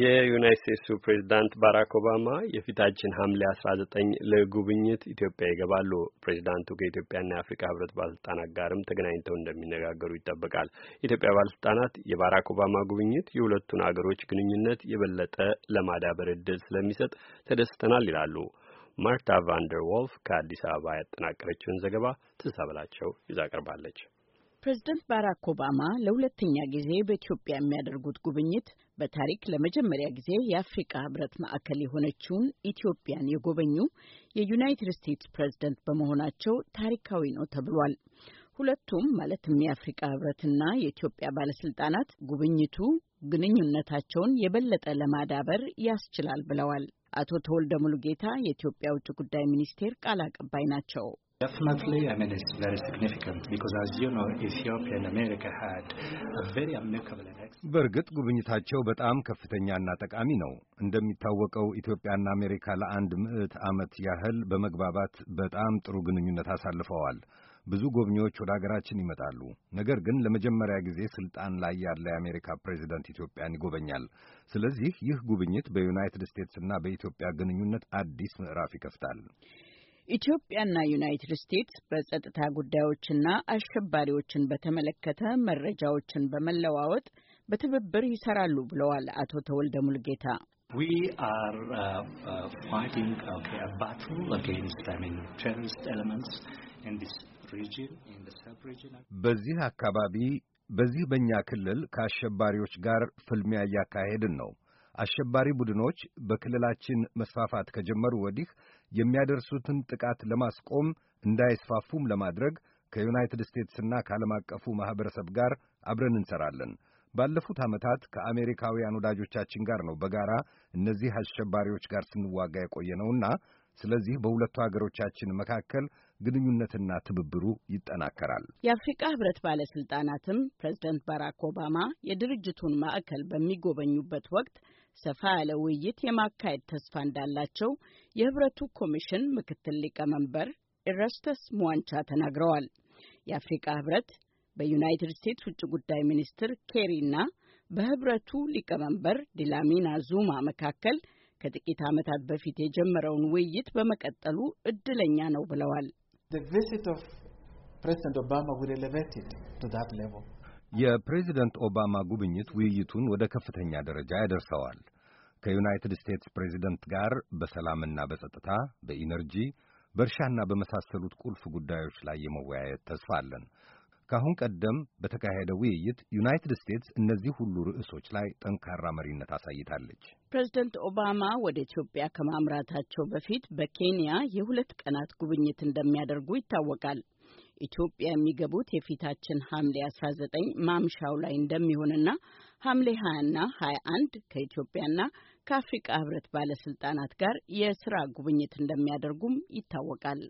የዩናይት ስቴትሱ ፕሬዚዳንት ባራክ ኦባማ የፊታችን ሐምሌ አስራ ዘጠኝ ለጉብኝት ኢትዮጵያ ይገባሉ። ፕሬዚዳንቱ ከኢትዮጵያና የአፍሪካ ህብረት ባለስልጣናት ጋርም ተገናኝተው እንደሚነጋገሩ ይጠበቃል። የኢትዮጵያ ባለስልጣናት የባራክ ኦባማ ጉብኝት የሁለቱን አገሮች ግንኙነት የበለጠ ለማዳበር እድል ስለሚሰጥ ተደስተናል ይላሉ። ማርታ ቫንደር ዎልፍ ከአዲስ አበባ ያጠናቀረችውን ዘገባ ትዝታ በላቸው ይዛ ቀርባለች። ፕሬዝደንት ባራክ ኦባማ ለሁለተኛ ጊዜ በኢትዮጵያ የሚያደርጉት ጉብኝት በታሪክ ለመጀመሪያ ጊዜ የአፍሪካ ህብረት ማዕከል የሆነችውን ኢትዮጵያን የጎበኙ የዩናይትድ ስቴትስ ፕሬዝደንት በመሆናቸው ታሪካዊ ነው ተብሏል። ሁለቱም ማለትም የአፍሪካ ህብረትና የኢትዮጵያ ባለስልጣናት ጉብኝቱ ግንኙነታቸውን የበለጠ ለማዳበር ያስችላል ብለዋል። አቶ ተወልደ ሙሉጌታ የኢትዮጵያ ውጭ ጉዳይ ሚኒስቴር ቃል አቀባይ ናቸው። Definitely, I mean, it's very significant because as you know, Ethiopia and America had a very amicable በእርግጥ ጉብኝታቸው በጣም ከፍተኛና ጠቃሚ ነው። እንደሚታወቀው ኢትዮጵያና አሜሪካ ለአንድ ምዕት ዓመት ያህል በመግባባት በጣም ጥሩ ግንኙነት አሳልፈዋል። ብዙ ጎብኚዎች ወደ አገራችን ይመጣሉ። ነገር ግን ለመጀመሪያ ጊዜ ስልጣን ላይ ያለ የአሜሪካ ፕሬዚደንት ኢትዮጵያን ይጎበኛል። ስለዚህ ይህ ጉብኝት በዩናይትድ ስቴትስና በኢትዮጵያ ግንኙነት አዲስ ምዕራፍ ይከፍታል። ኢትዮጵያና ዩናይትድ ስቴትስ በጸጥታ ጉዳዮችና አሸባሪዎችን በተመለከተ መረጃዎችን በመለዋወጥ በትብብር ይሰራሉ ብለዋል አቶ ተወልደ ሙልጌታ። በዚህ አካባቢ በዚህ በእኛ ክልል ከአሸባሪዎች ጋር ፍልሚያ እያካሄድን ነው። አሸባሪ ቡድኖች በክልላችን መስፋፋት ከጀመሩ ወዲህ የሚያደርሱትን ጥቃት ለማስቆም እንዳይስፋፉም ለማድረግ ከዩናይትድ ስቴትስና ከዓለም አቀፉ ማኅበረሰብ ጋር አብረን እንሠራለን። ባለፉት ዓመታት ከአሜሪካውያን ወዳጆቻችን ጋር ነው በጋራ እነዚህ አሸባሪዎች ጋር ስንዋጋ የቆየነውና ስለዚህ በሁለቱ ሀገሮቻችን መካከል ግንኙነትና ትብብሩ ይጠናከራል። የአፍሪቃ ህብረት ባለስልጣናትም ፕሬዚደንት ባራክ ኦባማ የድርጅቱን ማዕከል በሚጎበኙበት ወቅት ሰፋ ያለ ውይይት የማካሄድ ተስፋ እንዳላቸው የህብረቱ ኮሚሽን ምክትል ሊቀመንበር ኢረስተስ ሙዋንቻ ተናግረዋል። የአፍሪካ ህብረት በዩናይትድ ስቴትስ ውጭ ጉዳይ ሚኒስትር እና በህብረቱ ሊቀመንበር ዲላሚና ዙማ መካከል ከጥቂት ዓመታት በፊት የጀመረውን ውይይት በመቀጠሉ እድለኛ ነው ብለዋል። የፕሬዚደንት ኦባማ ጉብኝት ውይይቱን ወደ ከፍተኛ ደረጃ ያደርሰዋል። ከዩናይትድ ስቴትስ ፕሬዚደንት ጋር በሰላምና በጸጥታ፣ በኢነርጂ፣ በእርሻና በመሳሰሉት ቁልፍ ጉዳዮች ላይ የመወያየት ተስፋ አለን። ከአሁን ቀደም በተካሄደ ውይይት ዩናይትድ ስቴትስ እነዚህ ሁሉ ርዕሶች ላይ ጠንካራ መሪነት አሳይታለች። ፕሬዚደንት ኦባማ ወደ ኢትዮጵያ ከማምራታቸው በፊት በኬንያ የሁለት ቀናት ጉብኝት እንደሚያደርጉ ይታወቃል። ኢትዮጵያ የሚገቡት የፊታችን ሐምሌ 19 ማምሻው ላይ እንደሚሆንና ሐምሌ 20ና 21 ከኢትዮጵያና ከአፍሪቃ ህብረት ባለስልጣናት ጋር የስራ ጉብኝት እንደሚያደርጉም ይታወቃል።